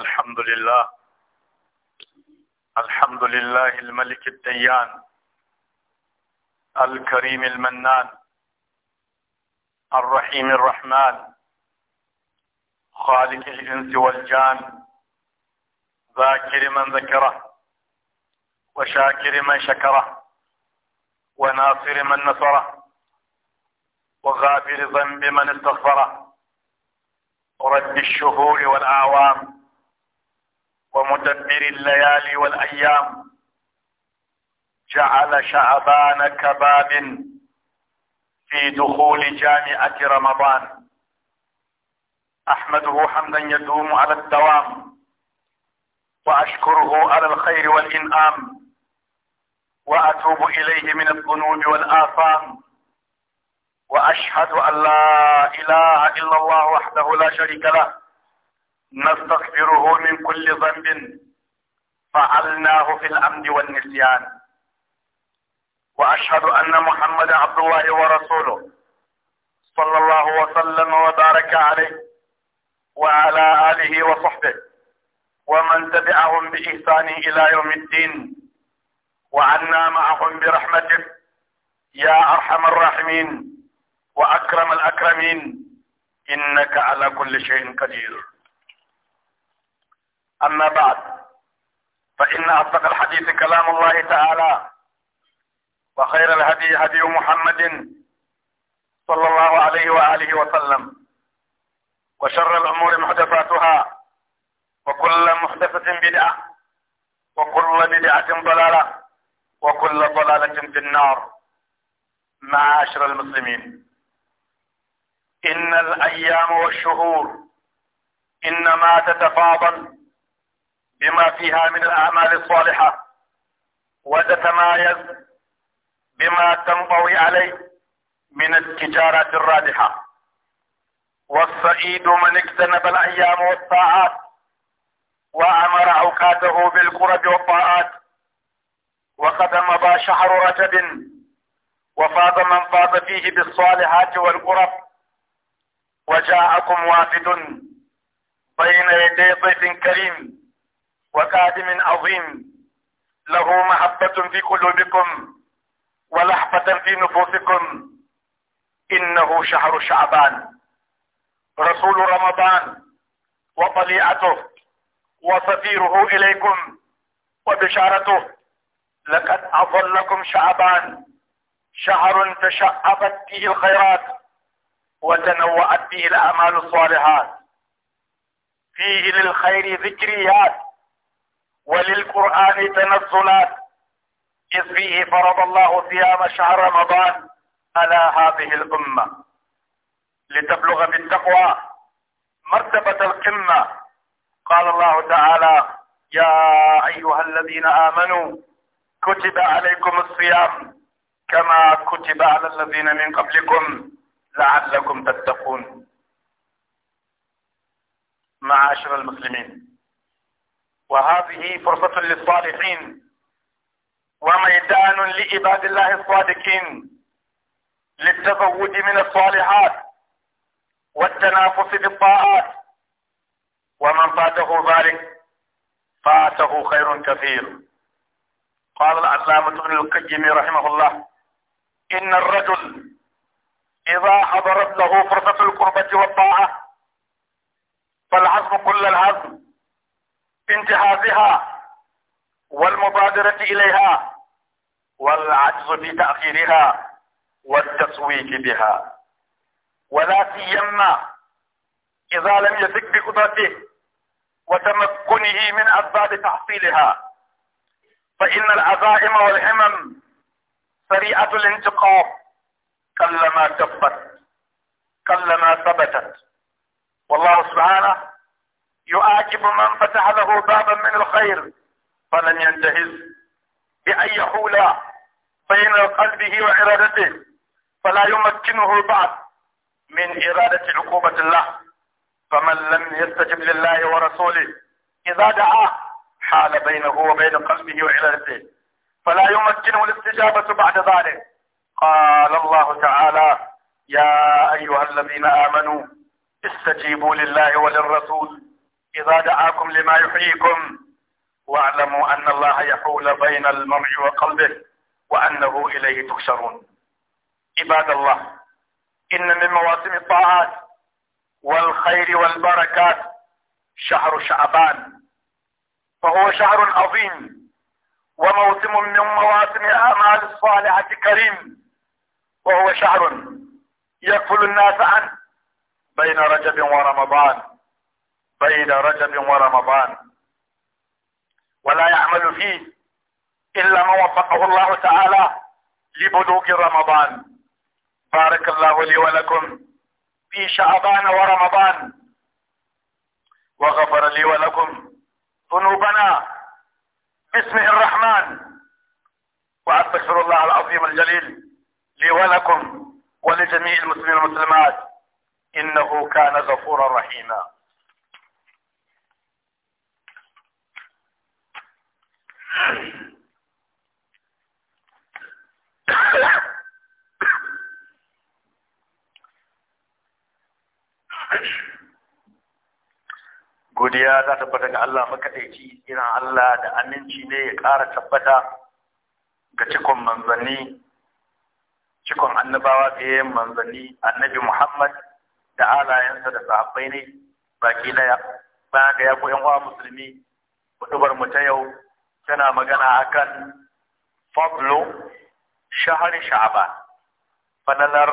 الحمد لله الحمد لله الملك الديان الكريم المنان الرحيم الرحمن خالق الإنس والجان ذاكر من ذكره وشاكر من شكره وناصر من نصره وغافر ذنب من استغفره رب الشهور والأعوام ومدبر الليالي والأيام جعل شعبان كباب في دخول جامعة رمضان أحمده حمدا يدوم على الدوام وأشكره على الخير والإنعام وأتوب إليه من الذنوب والآثام وأشهد أن لا إله إلا الله وحده لا شريك له نستغفره من كل ذنب فعلناه في الأمن والنسيان وأشهد أن محمد عبد الله ورسوله صلى الله وسلم وبارك عليه وعلى آله وصحبه ومن تبعهم بإحسان إلى يوم الدين وعنا معهم برحمتك يا أرحم الراحمين وأكرم الأكرمين إنك على كل شيء قدير أما بعد فإن أصدق الحديث كلام الله تعالى وخير الهدي هدي محمد صلى الله عليه وآله وسلم وشر الأمور محدثاتها وكل محدثة بدعة وكل بدعة ضلالة وكل ضلالة في النار معاشر المسلمين إن الأيام والشهور إنما تتفاضل بما فيها من الأعمال الصالحة وتتمايز بما تنطوي عليه من التجارة الرادحة والسعيد من اجتنب الأيام والساعات وأمر أوقاته بالقرب والطاعات وقد مضى شهر رجب وفاض من فاض فيه بالصالحات والقرب وجاءكم وافد بين يدي ضيف كريم وكادم عظيم له محبة في قلوبكم ولحفة في نفوسكم إنه شهر شعبان رسول رمضان وطليعته وصفيره إليكم وبشارته لقد أظلكم شعبان شهر تشعبت فيه الخيرات وتنوعت فيه الأعمال الصالحات فيه للخير ذكريات وللقرآن تنزلات إذ فيه فرض الله صيام شهر رمضان على هذه الأمة لتبلغ بالتقوى مرتبة القمة قال الله تعالى يا أيها الذين آمنوا كتب عليكم الصيام كما كتب على الذين من قبلكم لعلكم تتقون معاشر المسلمين وهذه فرصة للصالحين وميدان لعباد الله الصادقين للتزود من الصالحات والتنافس بالطاعات ومن فاته ذلك فاته خير كثير قال العلامة ابن القيم رحمه الله إن الرجل إذا حضرت له فرصة القربة والطاعة فالعزم كل العزم انتهازها والمبادرة إليها والعجز في تأخيرها والتسويق بها ولا سيما إذا لم يثق بقدرته وتمكنه من أسباب تحصيلها فإن العزائم والهمم سريعة الانتقام كلما ثبت كلما ثبتت والله سبحانه يعاقب من فتح له بابا من الخير فلن ينتهز بأن يحول بين قلبه وإرادته فلا يمكنه بعد من إرادة عقوبة الله فمن لم يستجب لله ورسوله إذا دعاه حال بينه وبين قلبه وإرادته فلا يمكنه الاستجابة بعد ذلك قال الله تعالى يا أيها الذين آمنوا استجيبوا لله وللرسول إذا دعاكم لما يحييكم واعلموا أن الله يحول بين المرء وقلبه وأنه إليه تحشرون عباد الله إن من مواسم الطاعات والخير والبركات شهر شعبان فهو شهر عظيم وموسم من مواسم الأعمال الصالحة كريم وهو شهر يغفل الناس عنه بين رجب ورمضان بين رجب ورمضان ولا يعمل فيه إلا ما وفقه الله تعالى لبلوغ رمضان بارك الله لي ولكم في شعبان ورمضان وغفر لي ولكم ذنوبنا باسمه الرحمن وأستغفر الله العظيم الجليل لي ولكم ولجميع المسلمين والمسلمات إنه كان غفورا رحيما godiya za ta bata ga Allah makaɗaici irin Allah da aminci ne ya ƙara tabbata ga cikon manzanni cikon annabawa fiye manzanni annabi Muhammad da alayensa da sahabbai ne baki daya ba ga ya musulmi hudubar mu ta yau tana magana akan fablo shahar sha'ban fadalar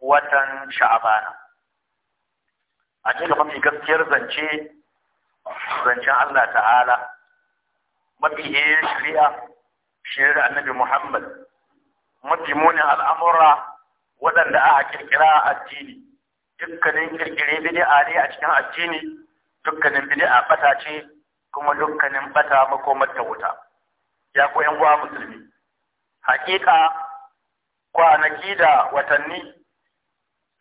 watan sha'ban a cikin mafi gaskiyar zance zancen Allah ta'ala mafi shari'a shari'ar annabi Muhammad mafi munin al'amura waɗanda aka kirkira a addini dukkanin kirkire bidi'a ne a cikin addini dukkanin bidi'a fata ce kuma dukkanin bata makomar ta wuta ya ku yan uwa musulmi hakika kwanaki da watanni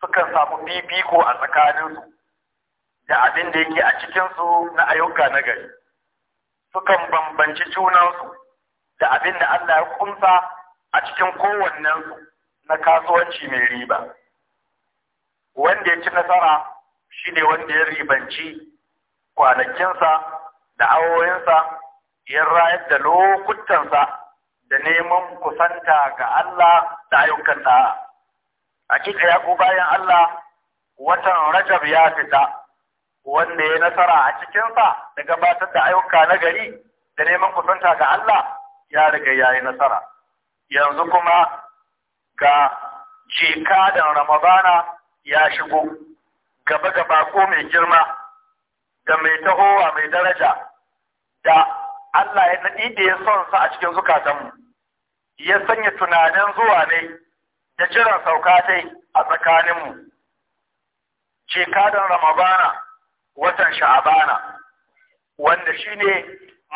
sukan samu fifiko a tsakaninsu da abin da yake a cikinsu na ayyuka na gari sukan bambanci junansu da abin da Allah ya kunsa a cikin kowannensu na kasuwanci mai riba wanda ya ci nasara shi ne wanda ya ribanci kwanakinsa da awoyinsa ya rayar da lokutansa da neman kusanta ga Allah da ayyukan da hakika ya ku bayan Allah watan Rajab ya fita wanda ya nasara a cikinsa da gabatar da ayyuka na gari da neman kusanta ga Allah ya riga ya yi nasara yanzu kuma ga da Ramadana ya shigo gaba-gaba ko mai girma da mai tahowa mai daraja da Allah ya daɗi da ya son sa a cikin zukatanmu ya sanya tunanin zuwa ne da jiran sauka a tsakaninmu jekadan ramabana watan sha'abana wanda shi ne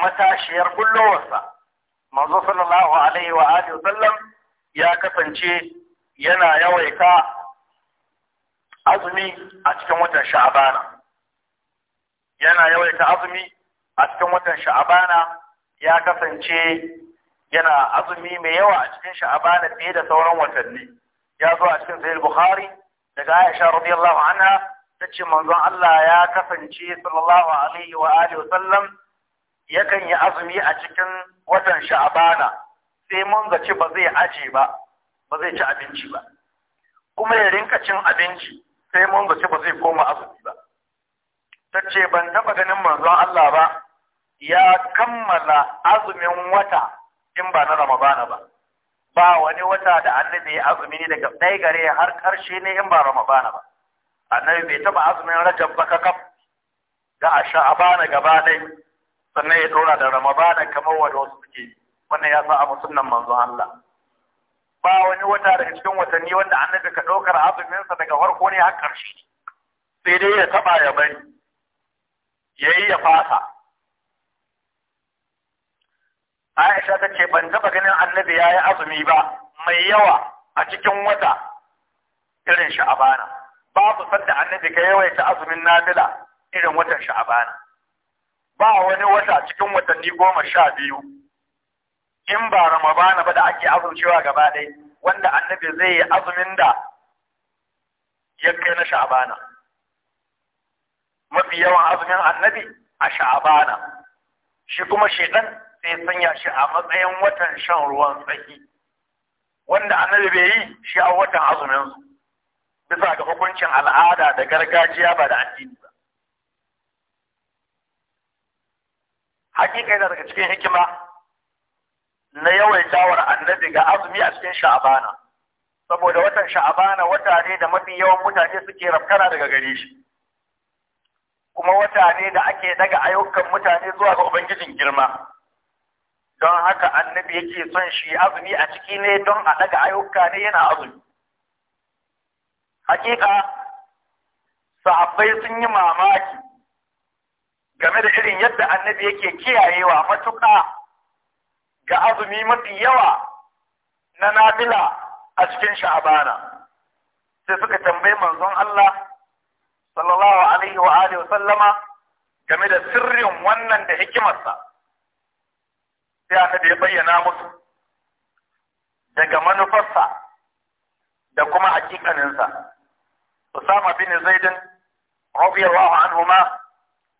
matashiyar kullowarsa manzo sallallahu alaihi wa Alaihi sallam ya kasance yana yawaita azumi a cikin watan sha'abana yana yawaita azumi a cikin watan sha'abana ya kasance yana azumi mai yawa a cikin sha'abana fiye da sauran watanni ya zo a cikin sahih bukhari daga aisha radiyallahu anha ta ce manzon Allah ya kasance sallallahu alaihi wa alihi wa sallam yakan yi azumi a cikin watan sha'abana sai mun zaci ba zai aje ba ba zai ci abinci ba kuma ya rinka cin abinci sai mun zaci ba zai koma azumi ba tace ban taba ganin manzon Allah ba ya kammala azumin wata in ba na Ramadana ba ba wani wata da annabi ya azumi ne daga ɗaya gare har ƙarshe ne in ba Ramadana ba annabi bai taɓa azumin Rajab ba kaf da a sha'abana gaba dai sannan ya ɗora da Ramadana kamar wanda wasu suke wannan ya sa a musulman manzon Allah ba wani wata daga cikin watanni wanda annabi ka ɗaukar azuminsa daga farko ne har ƙarshe sai dai ya taɓa ya bari ya yi ya fasa Aisha ta ce ban taɓa ganin annabi ya yi azumi ba mai yawa a cikin wata irin sha'abana. Babu sanda annabi ka yawaita azumin nafila irin watan sha'abana. Ba wani wata cikin watanni goma sha biyu in ba Ramadana ba da ake azumcewa gaba ɗaya wanda annabi zai yi azumin da ya kai na sha'abana. Mafi yawan azumin annabi a sha'abana. Shi kuma shedan sai sanya shi a matsayin watan shan ruwan tsaki wanda annabi bai yi shi a watan azumin su bisa ga hukuncin al'ada da gargajiya ba da addini ba hakika yana daga cikin hikima na yawaitawar annabi ga azumi a cikin sha'abana saboda watan sha'abana wata ne da mafi yawan mutane suke rafkara daga gare shi kuma wata ne da ake daga ayyukan mutane zuwa ga ubangijin girma don haka annabi yake son shi azumi a ciki ne don a daga ayyuka ne yana azumi hakika sahabbai sun yi mamaki game da irin yadda annabi yake kiyayewa matuƙa ga azumi mafi yawa na nafila a cikin sha'abana sai suka tambayi manzon Allah sallallahu alaihi wa alihi wa sallama game da sirrin wannan da hikimarsa sai da ya bayyana musu daga manufarsa da kuma hakikaninsa Usama bin Zaidin radiyallahu anhu ma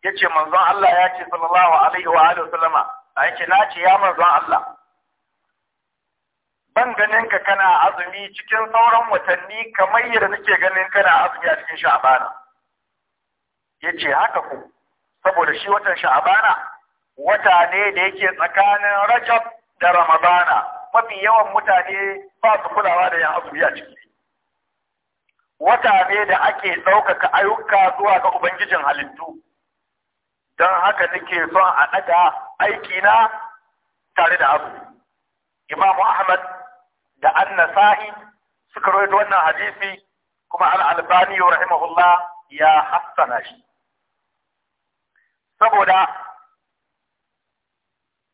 yace manzon Allah ya ce sallallahu alaihi wa alihi sallama a yake na ce ya manzon Allah ban ganin ka kana azumi cikin sauran watanni kamar yadda nake ganin kana azumi a cikin sha'abana yace haka ko saboda shi watan sha'abana wata ne da yake tsakanin rajab da ramadana mafi yawan mutane ba su kulawa da yan azumi ciki wata ne da ake ɗaukaka ayyuka zuwa ga ubangijin halittu don haka nake son a ɗaga aikina tare da azumi imamu ahmad da annasa'i suka rawaito wannan hadisi kuma al-albani rahimahullah ya hassana shi saboda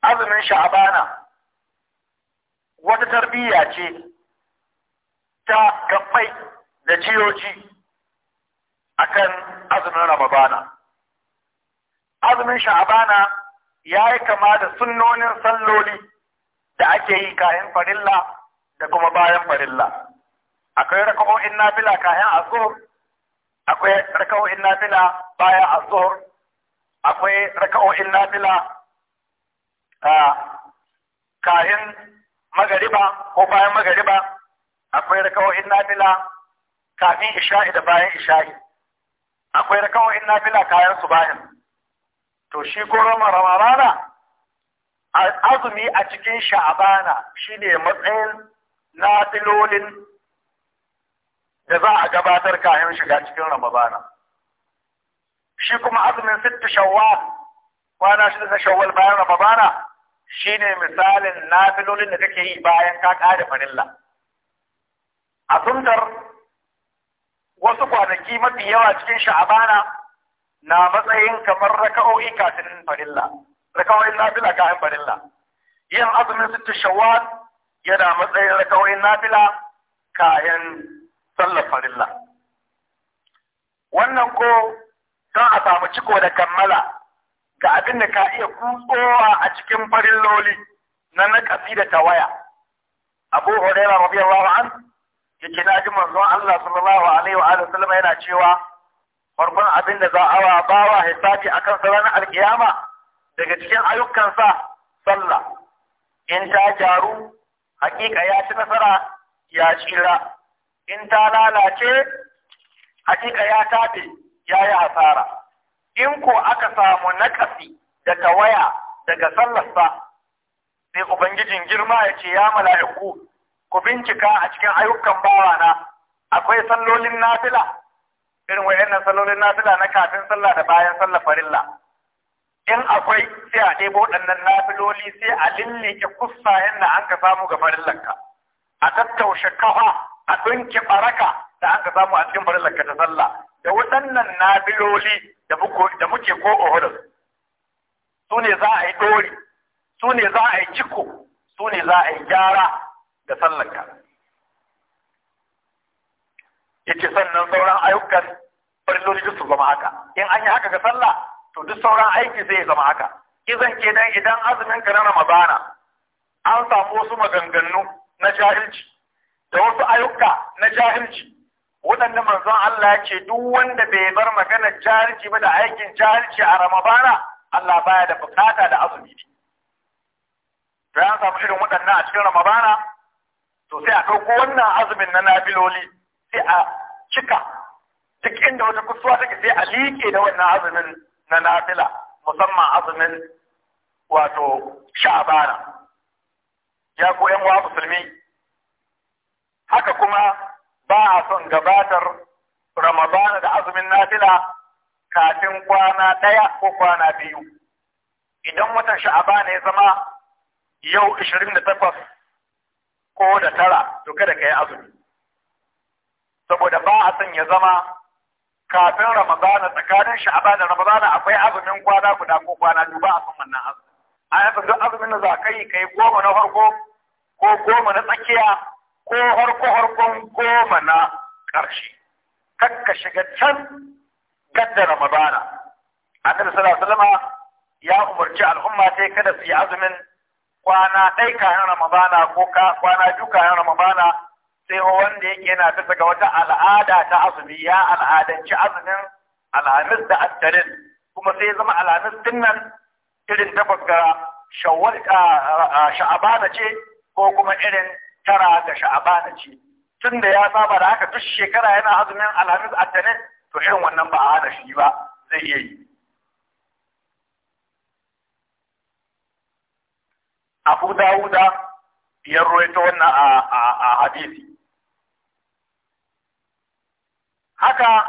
azumin sha'abana wata tarbiyya ce ta gaɓai da jiyoji akan azumin ramadana azumin sha'abana ya yi kama da sunnonin salloli da ake yi kayan farilla da kuma bayan farilla akwai raka'o'in nafila kayan azhur akwai raka'o'in nafila bayan azhur akwai raka'o'in nafila kahin magariba ko bayan magariba akwai rakawoyin nafila kafin isha'i da bayan isha'i akwai in nafila kayan su bayan to shi ko ramarana azumi a cikin sha'abana shi ne matsayin nafilolin da za a gabatar kayan shiga cikin ramabana shi kuma azumin sittu shawwal kwana shi da shawwal bayan ramabana Shi ne misalin nafilolin da kake yi bayan ka kare farilla a tuntar, wasu kwanaki mafi yawa cikin sha'abana na matsayin kamar raka'o'i kafin farilla raka'o'in nafila kafin farilla yin azumin sittin shawwal yana matsayin raka'o'in nafila kayan sallar farilla wannan ko don a samu ciko da kammala ga abin da ka iya kutsowa a cikin farin loli na nakasi da tawaya abu Hurairah radiyallahu an yake na ji manzon Allah sallallahu alaihi wa alihi sallama yana cewa farkon abin da za a wa bawa hisabi akan sa ranar alkiyama daga cikin ayyukansa sallah in ta jaru hakika ya ci nasara ya tsira in ta lalace hakika ya tafi ya yi hasara in ko aka samu nakasi da tawaya daga sallarsa sai ubangijin girma ya ce ya mala'iku ku bincika a cikin ayyukan bawana akwai sallolin nafila irin wayannan sallolin nafila na kafin sallah da bayan sallah farilla in akwai sai a ɗebo waɗannan nafiloli sai a lillike kusa yadda an ka samu ga farillanka a tattaushe kafa a dunke baraka da aka samu a cikin farillar ka ta sallah da waɗannan nabiloli da da muke ko uhudus su ne za a yi dori su ne za a yi ciko su ne za a yi gyara da sallar ka yace sannan sauran ayyukan fariloli duk su zama haka in an yi haka ga sallah to duk sauran aiki zai zama haka izan kenan idan azumin ka na ramadana an samu wasu maganganu na jahilci da wasu ayyuka na jahilci waɗanda manzon Allah ya ce duk wanda bai bar maganar jahilci ba da aikin jahilci a Ramabana? Allah baya da bukata da azumi ne. To ya samu shirin waɗannan a cikin Ramadana to sai a ɗauko wannan azumin na nabiloli sai a cika duk inda wata kusuwa take sai a liƙe da wannan azumin na nafila musamman azumin wato sha'abana. Ya ko ƴan musulmi haka kuma ba a son gabatar ramadana da azumin nafila kafin kwana ɗaya ko kwana biyu idan watan sha'aba ne zama yau 28 ko da tara to kada ka yi azumi saboda ba a son ya zama kafin ramadana tsakanin sha'aba da ramadana akwai azumin kwana guda ko kwana biyu ba a son wannan azumi a yanzu duk azumin da za ka yi ka yi goma na farko ko goma na tsakiya ko harko-harkon goma na ƙarshe kakka shiga can gadda ramadana annabi sallallahu alaihi wasallam ya umarci al'umma sai kada su yi azumin kwana ɗai kayan ramadana ko kwana biyu kayan ramadana sai wanda yake yana bisa ga wata al'ada ta azumi ya al'adanci azumin alhamis da attarin kuma sai zama alhamis din nan irin takwas ga sha'abana ce ko kuma irin tara ga sha'abana ce tun da ya saba da haka duk shekara yana azumin alhamis attanin to irin wannan ba a shi ba zai iya yi abu dawuda ya ruwaito wannan a hadisi haka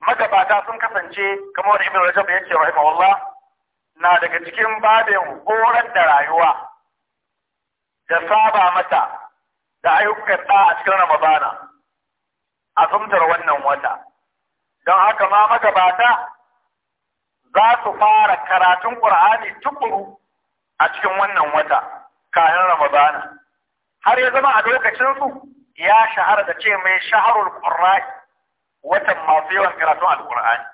magabata sun kasance kamar ibn rajab ya ce rahimahullah na daga cikin babin horar da rayuwa da saba mata da ayyukan da a cikin ramadana a sumtar wannan wata don haka ma magabata za su fara karatun ƙur'ani tukuru a cikin wannan wata kayan ramadana har ya zama a lokacinsu ya shahara da ce mai shaharul ƙur'ani watan masu yawan karatun alƙur'ani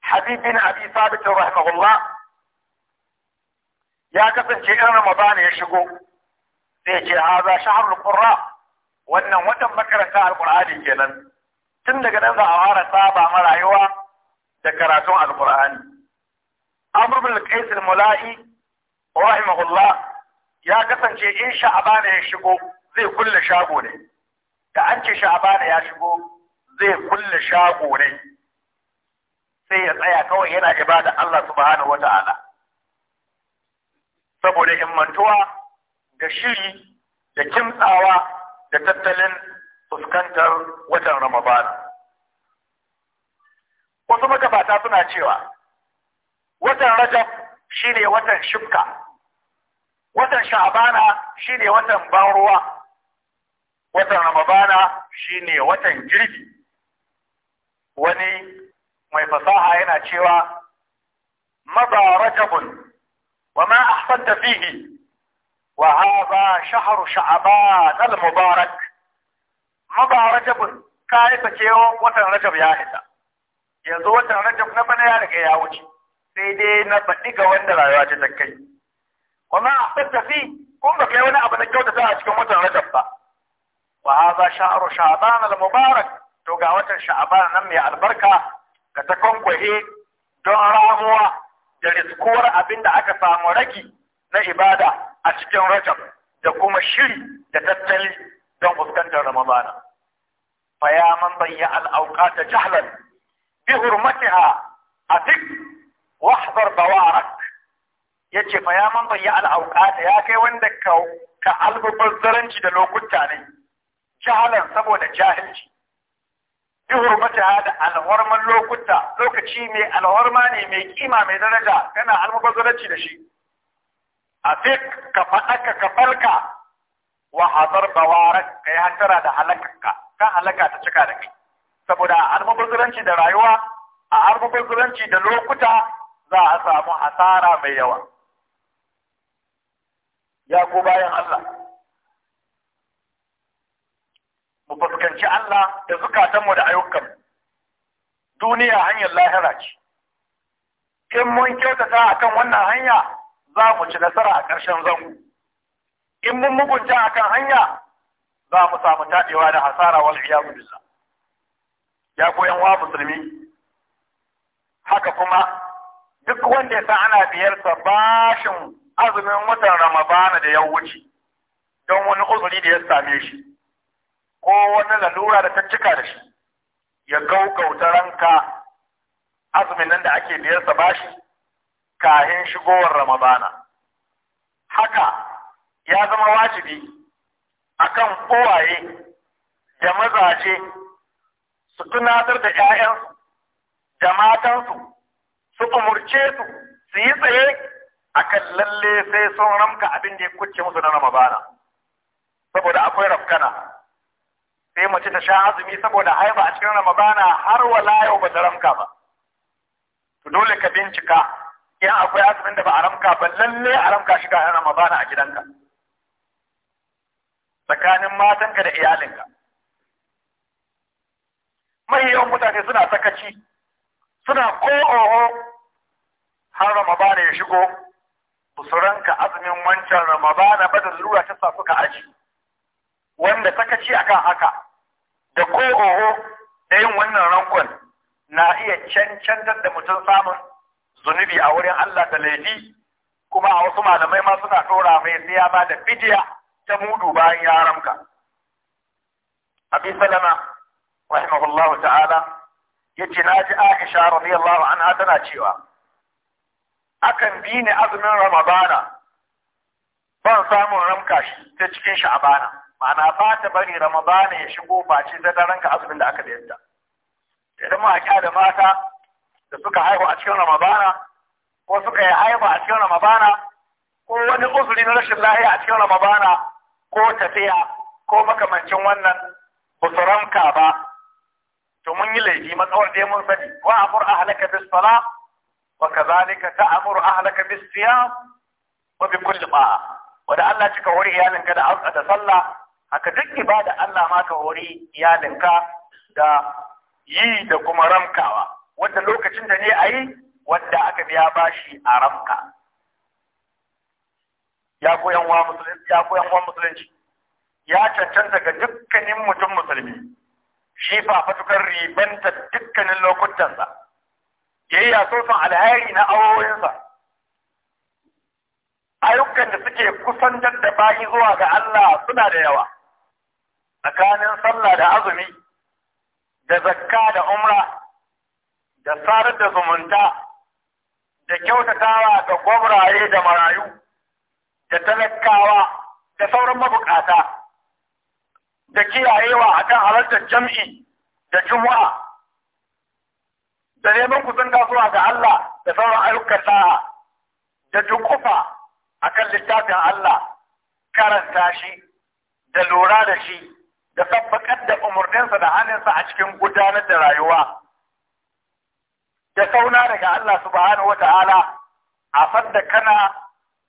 habib bin abi sabit rahimahullah ya kasance in ramadana ya shigo sai ce haza shahar qurra wannan watan makaranta alkur'ani kenan tun daga nan za a fara saba ma rayuwa da karatun alkur'ani amr bin qais al-mula'i rahimahullah ya kasance in sha'abana ya shigo zai kulle shago ne da an ce sha'abana ya shigo zai kulle shago ne sai ya tsaya kawai yana ibada Allah subhanahu wata'ala saboda himmantuwa da shiri da kimtsawa da tattalin fuskantar watan ramadana wasu magabata suna cewa watan rajab shi ne watan shifka watan sha'abana ne watan ban ruwa watan ramadana ne watan Jirgi. wani mai fasaha yana cewa maba rajabun وما أحسنت فيه وهذا شهر شعبان المبارك مبارك رجب كايفة كيو وطن رجب يا حسا يزو وطن رجب نبنى يا لك يا وجي سيدي نبنى قوان دلا يا جنكي وما أحسنت فيه كم بك يونا أبنى جودة ساعتك وطن رجب وهذا شهر شعبان المبارك توقع وطن شعبان نمي البركة كتكون كوهي دون رامو da riskuwar abin da aka samu ragi na ibada a cikin rajab da kuma shiri da tattali don fuskantar ramadana fa ya man bayya al'auka awqata jahlan bi hurmatiha atik wahdar bawarak yace fa ya man bayya al'auka awqata ya kai wanda ka ka albubar zaranci da lokuta ne jahlan saboda jahilci bi hurmata da alhorman lokuta lokaci mai alhorma ne mai kima mai daraja kana almubazzaranci da shi a fi ka faɗaka ka falka wa hadar bawarak ka yi hantara da halakka ka halaka ta cika da kai saboda almubazzaranci da rayuwa a almubazzaranci da lokuta za a samu hasara mai yawa ya ku bayan Allah mu fuskanci Allah da zukatanmu da ayyukan. duniya hanyar lahira ce in mun kyautata akan wannan hanya za mu ci nasara a ƙarshen zango in mun mugunta akan hanya za mu samu taɗewa da hasara wal iyadu billah ya koyan wa musulmi haka kuma duk wanda ya san ana biyarsa bashin azumin watan ramadana da ya wuce don wani uzuri da ya same shi ko wani lalura da ta cika da shi ya gaugauta ranka azumin nan da ake biyarsa bashi kahin shigowar ramadana haka ya zama wajibi akan kowaye da mazaje su tunatar da 'ya'yansu da matansu su umurce su su yi tsaye akan lalle sai sun ramka abin da ya kucce musu na ramadana saboda akwai rafkana sai mace ta sha azumi saboda haiba a cikin ramadana har wala yau ba ta ramka ba to dole ka bincika ya akwai azumin da ba a ramka ba lalle a ramka shi ga ramadana a gidanka tsakanin matanka da iyalinka mai yawan mutane suna sakaci suna ko har ramadana ya shigo busuranka azumin wancan ramadana ba da zuwa ta safuka suka aji wanda sakaci akan haka da ko oho da yin wannan rankon na iya cancantar da mutum samun zunubi a wurin Allah da laifi kuma a wasu malamai ma suna tora mai sai ya ba da fidiya ta mudu bayan ya ramka. Abi Salama rahimahullahu ta'ala yace na ji Aisha radiyallahu anha tana cewa akan bi ni azumin Ramadana ban samun ramka shi ta cikin sha'abana. ma'ana ba ta bari ramadana ya shigo face da daren ka azumin da aka da idan mawaƙi da mata da suka haihu a cikin ramadana ko suka yi haihu a cikin ramadana ko wani uzuri na rashin lahiya a cikin ramadana ko tafiya ko makamancin wannan ba ba to mun yi laifi matsawar dai mun sani wa amur ahlaka bis sala wa kadhalika ta'muru ahlaka bis siyam wa bi kulli ma Allah cika wuri iyalinka da da sallah haka duk ibada Allah ma ka hori iyalinka da yi da kuma ramkawa wanda lokacin da ne a yi wanda aka biya bashi a ramka ya koyan wa musulunci ya koyan wa musulunci ya cancanta ga dukkanin mutum musulmi shi fa fatukar ribanta dukkanin lokutansa yayi ya so son alhairi na awoyinsa ayyukan da suke kusan da bayi zuwa ga Allah suna da yawa tsakanin sallah da azumi da zakka da umra da sarar da zumunta da kyautatawa ga gwamraye da marayu da talakawa da sauran mabukata da kiyayewa a kan halartar jam'i da juma'a da neman kusan zuwa ga Allah da sauran ayyukan sa'a da dukufa a kan littafin Allah karanta shi da lura da shi da tabbatar da umarninsa da halinsa a cikin gudanar da rayuwa da sauna daga Allah subhanahu wata'ala a fadda kana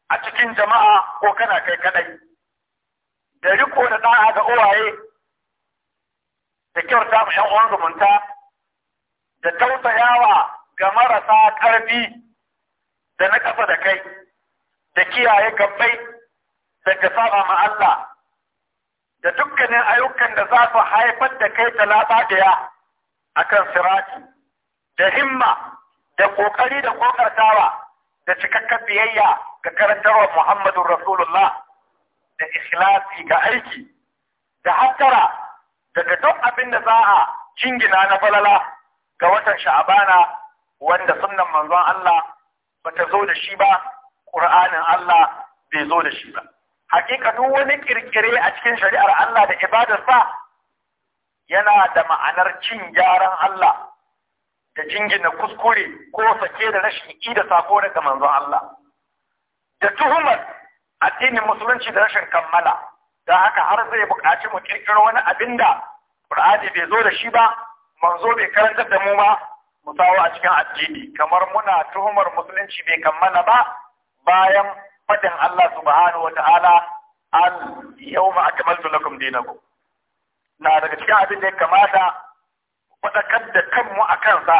a cikin jama'a ko kana kai kadai da riko da ɗa'a ga uwaye da kyauta mu yan uwan zumunta da tausayawa ga marasa ƙarfi da na ƙasa da kai da kiyaye gabbai daga saba ma Allah da dukkanin ayyukan da za su haifar da kai labadaya a akan sirati da himma da kokari da kokartawa da cikakken biyayya ga karantarwa Muhammadu Rasulullah da ikhlasi ga aiki da hattara daga duk abin da za a jingina na balala ga watan sha'abana wanda sunnan manzon Allah bata zo da shi ba ƙur'anin Allah bai zo da shi ba hakika duk wani kirkire a cikin shari'ar Allah da ibadarsa yana da ma'anar cin gyaran Allah da jingina kuskure ko sake da rashin i da sako daga manzon Allah da tuhumar addinin musulunci da rashin kammala don haka har zai buƙaci mu kirkiro wani abin da Qur'ani bai zo da shi ba manzo bai karantar da mu ba mu sawo a cikin addini kamar muna tuhumar musulunci bai kammala ba bayan fadin Allah subhanahu wa ta'ala al yawma akmaltu lakum dinakum na daga cikin abin da ya kamata faɗakar da kanmu a kansa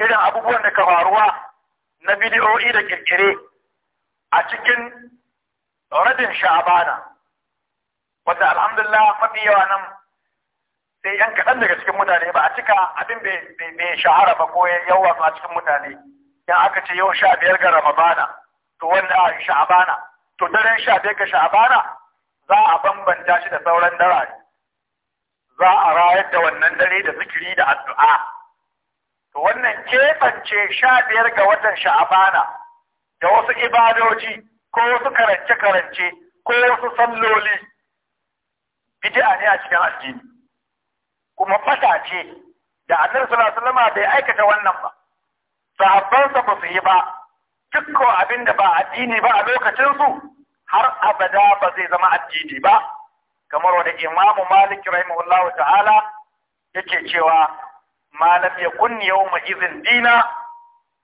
irin abubuwan da ka faruwa na bidiyoyi da kirkire a cikin rabin sha'abana wanda alhamdulillah mafi yawa nan sai yan kaɗan daga cikin mutane ba a cika abin bai shahara ba ko yawa a cikin mutane yan aka ce yau sha biyar ga ramadana to wanda sha'abana to daren sha ɗaya ga sha'abana za a bambanta shi da sauran dare za a rayar da wannan dare da zikiri da addu'a to wannan kefance sha biyar ga watan sha'abana da wasu ibadoji ko wasu karance-karance ko wasu salloli bid'a ne a cikin addini kuma fata ce da annabi sallallahu alaihi wasallam bai aikata wannan ba sahabbansa ba su yi ba dukko abin da ba addini ba a lokacinsu har abada ba zai zama addini ba kamar wanda imamu malik rahimahullahu ta'ala yake cewa ma lam yakun yawma izin dina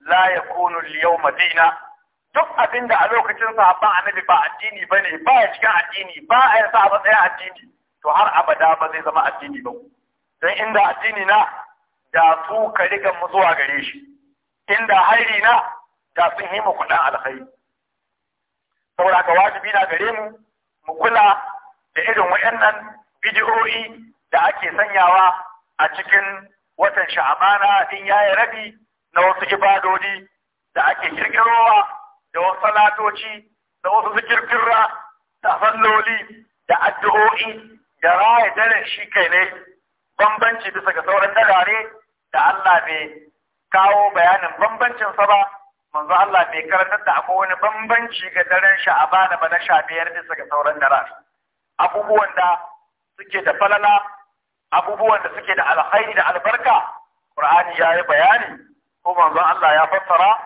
la yakunu al-yawma dina duk abin da a lokacin sahabban annabi ba addini bane ba ya cikin addini ba a yasa a matsayin addini to har abada ba zai zama addini ba dan inda addini na da su ka riga mu zuwa gare shi inda hairi na kafin yi mu kuɗin alkhairi saboda ka wajibi na gare mu mu kula da irin waɗannan bidiyo'i da ake sanyawa a cikin watan sha'abana in yayi rabi na wasu ibadodi da ake kirkirowa da wasu salatoci da wasu zikirkirra da salloli da addu'o'i da raya daren shi kai ne bambanci bisa ga sauran dalare da Allah bai kawo bayanin bambancinsa ba manzo Allah mai karatar da akwai wani bambanci ga daren sha'aba ba bana sha biyar bisa ga sauran dara abubuwan da suke da falala abubuwan da suke da alkhairi da albarka Qur'ani ya yi bayani ko manzo Allah ya fassara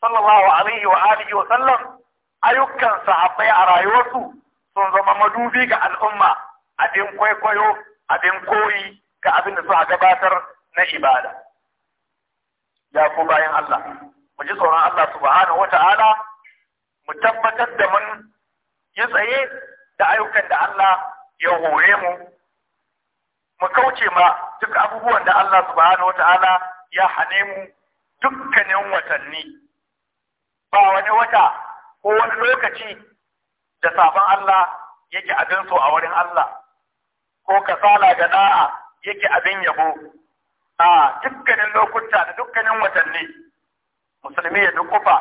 sallallahu alaihi wa alihi wa sallam ayyukan sahabbai a rayuwarsu sun zama madubi ga al'umma abin kwaikwayo abin koyi ga abin da suka gabatar na ibada ya ku bayan Allah mu ji tsoron Allah subhanahu wata'ala mu tabbatar da mun yi tsaye da ayyukan da Allah ya hore mu mu kauce ma duk abubuwan da Allah subhanahu wata'ala ya hane mu dukkanin watanni ba wani wata ko wani lokaci da sabon Allah yake abin so a wurin Allah ko kasala ga da'a yake abin yabo a dukkanin lokuta da dukkanin watanni musulmi ya dukufa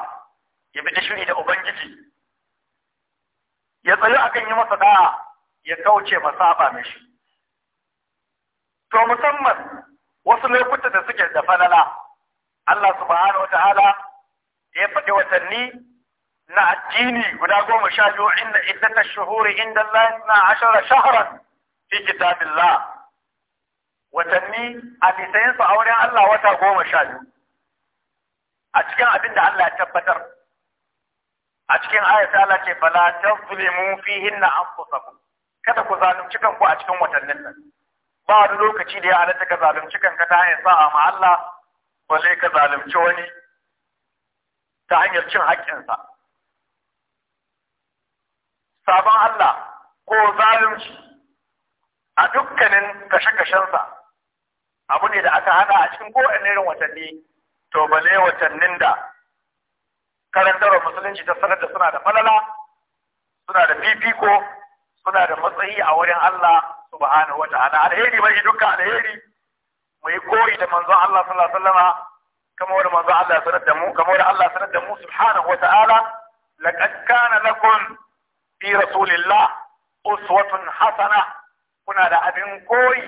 ya bi shiri da ubangiji ya tsayo akan yi masa da'a ya kauce masaba mishi to musamman wasu lokuta da suke da falala Allah subhanahu wa ta'ala ya faɗi watanni na addini guda goma sha biyu inda na shuhuri inda Allah na ashara shahran fi kitabillah watanni a bisayensu a wurin Allah wata goma sha biyu a cikin abin da Allah ya tabbatar a cikin ayat Allah ce fala tazlimu na anfusakum kada ku zalunci kanku a cikin watannin nan ba wani lokaci da ya halatta ka zalunci kanka ta hanyar sa'a ma Allah ba zai ka zalunci wani ta hanyar cin haƙƙinsa sabon Allah ko zalunci a dukkanin kashe-kashensa abu ne da aka hana a cikin kowane irin watanni to bale watannin da karantarwar musulunci ta sanar da suna da falala suna da fifiko suna da matsayi a wurin Allah subhanahu wa ta'ala alheri bai dukkan alheri mu yi koyi da manzon Allah sallallahu alaihi wasallama kamar da manzon Allah sanar da mu kamar da Allah sanar da mu subhanahu wa ta'ala laqad kana lakum fi rasulillah uswatun hasana kuna da abin koyi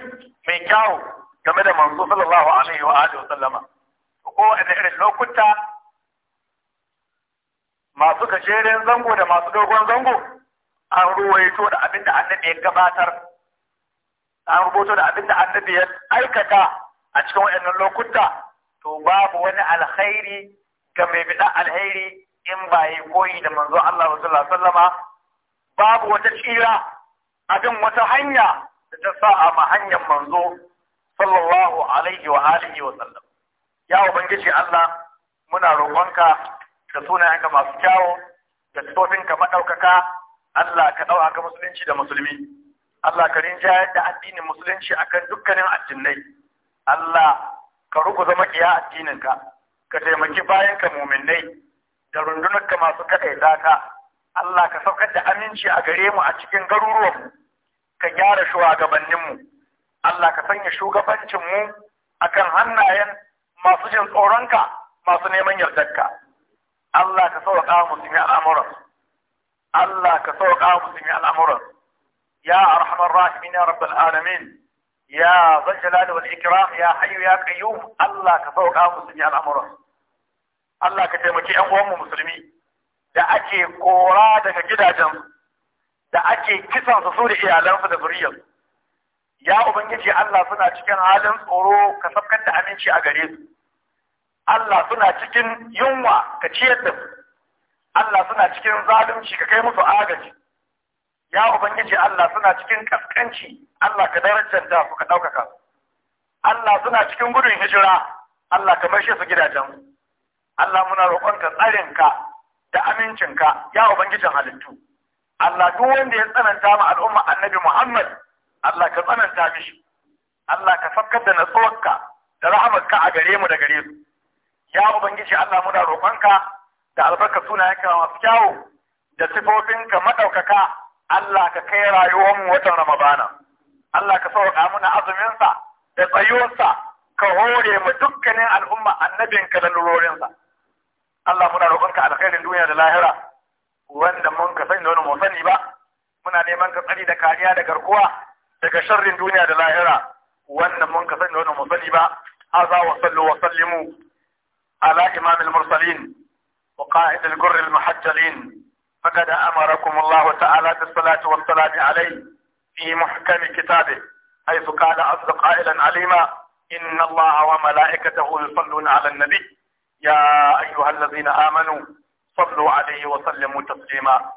mai kyau game da manzo sallallahu alaihi wa alihi sallama. kowane irin lokuta masu gajeren zango da masu dogon zango an ruwaito da abin da annabi ya gabatar an rubuto da abin da annabi ya aikata a cikin waɗannan lokuta to babu wani alkhairi ga mai bida alkhairi in ba yi koyi da manzo Allah sallallahu alaihi babu wata tsira abin wata hanya da ta sa a hanyar manzo sallallahu alaihi wa alihi wa sallam ya ubangiji Allah muna roƙonka da sunayenka masu kyawo da sifofinka maɗaukaka Allah ka ɗaukaka musulunci da musulmi Allah ka rinjayar da addinin musulunci akan dukkanin addinai Allah ka zama ƙiya addininka ka taimaki bayanka muminai da rundunarka masu kaɗai ka Allah ka saukar da aminci a gare mu a cikin garuruwanmu ka gyara shugabanninmu Allah ka sanya shugabancinmu akan hannayen masu jin tsoronka masu neman yardarka Allah ka sauƙa musulmi al'amuran Allah ka sauƙa musulmi al'amuran ya arhamar rahimin ya rabbal alamin ya zal jalali wal ikram ya hayyu ya qayyum Allah ka sauƙa musulmi al'amuran Allah ka taimaki ƴan uwanmu musulmi da ake kora daga gidajen da ake kisan su da iyalansu da zuriyarsu ya ubangiji Allah suna cikin halin tsoro ka sabkar da aminci a gare su Allah suna cikin yunwa ka ciyar da su Allah suna cikin zalunci ka kai musu agaji ya ubangiji Allah suna cikin kaskanci Allah ka da su ka ɗaukaka su Allah suna cikin gudun hijira Allah ka maishe su gidajen Allah muna roƙonka tsarinka da amincinka ya ubangijin halittu Allah duk wanda ya tsananta ma al'umma annabi Muhammad Allah ka tsananta mishi Allah ka sakkar da natsuwarka da rahamarka a gare mu da gare su ya ubangiji Allah muna roƙonka da albarka sunayenka masu kyawu da sifofinka maɗaukaka Allah ka kai rayuwarmu watan Ramadana Allah ka sauƙa muna azuminsa da tsayuwarsa ka hore mu dukkanin al'umma annabinka da nurorinsa Allah muna roƙonka alkhairin duniya da lahira wanda mun ka sani da wani mu sani ba muna neman ka tsari da kariya da garkuwa daga sharrin duniya da lahira wannan mun ka sani wannan mun sani ba haza wa sallu wa sallimu ala imam al-mursalin wa qa'id al-gurr al-muhajjalin faqad amarakum Allah ta'ala bis salati was salami alayhi fi muhkam kitabihi haythu qala azza qailan alima إن الله وملائكته يصلون على النبي يا أيها الذين آمنوا صلوا عليه وسلموا تسليما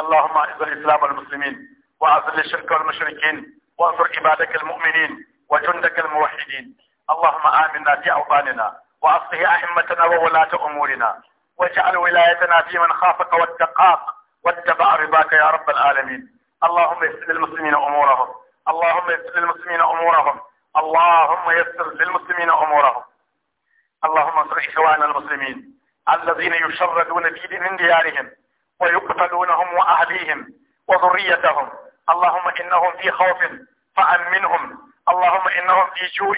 اللهم أعز الإسلام والمسلمين وأذل الشرك والمشركين وانصر عبادك المؤمنين وجندك الموحدين اللهم آمنا في أوطاننا وأصلح أئمتنا وولاة أمورنا واجعل ولايتنا في من خافك واتقاك واتبع رضاك يا رب العالمين اللهم يسر للمسلمين أمورهم اللهم يسر للمسلمين أمورهم اللهم يسر للمسلمين أمورهم اللهم انصر إخواننا المسلمين الذين يشردون في من ديارهم ويقتلونهم وأهليهم وذريتهم اللهم إنهم في خوف فأمنهم اللهم إنهم في جوع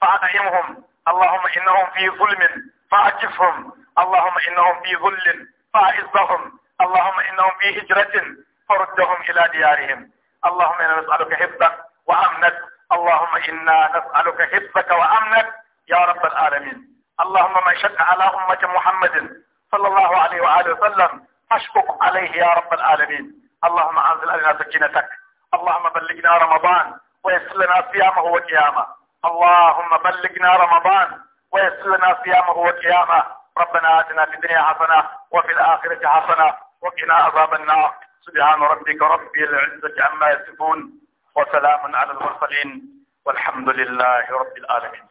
فأطعمهم اللهم إنهم في ظلم فأكفهم اللهم إنهم في ظل فأعزهم اللهم إنهم في هجرة فردهم إلى ديارهم اللهم إنا نسألك حفظك وأمنك اللهم إنا نسألك حفظك وأمنك يا رب العالمين اللهم من شد على أمة محمد صلى الله عليه وآله وسلم فاشفق عليه يا رب العالمين اللهم انزل علينا سكينتك اللهم بلغنا رمضان ويسر لنا صيامه وقيامه اللهم بلغنا رمضان ويسر لنا صيامه وقيامه ربنا اتنا في الدنيا حسنه وفي الاخره حسنه وقنا عذاب النار سبحان ربك رب العزه عما يصفون وسلام على المرسلين والحمد لله رب العالمين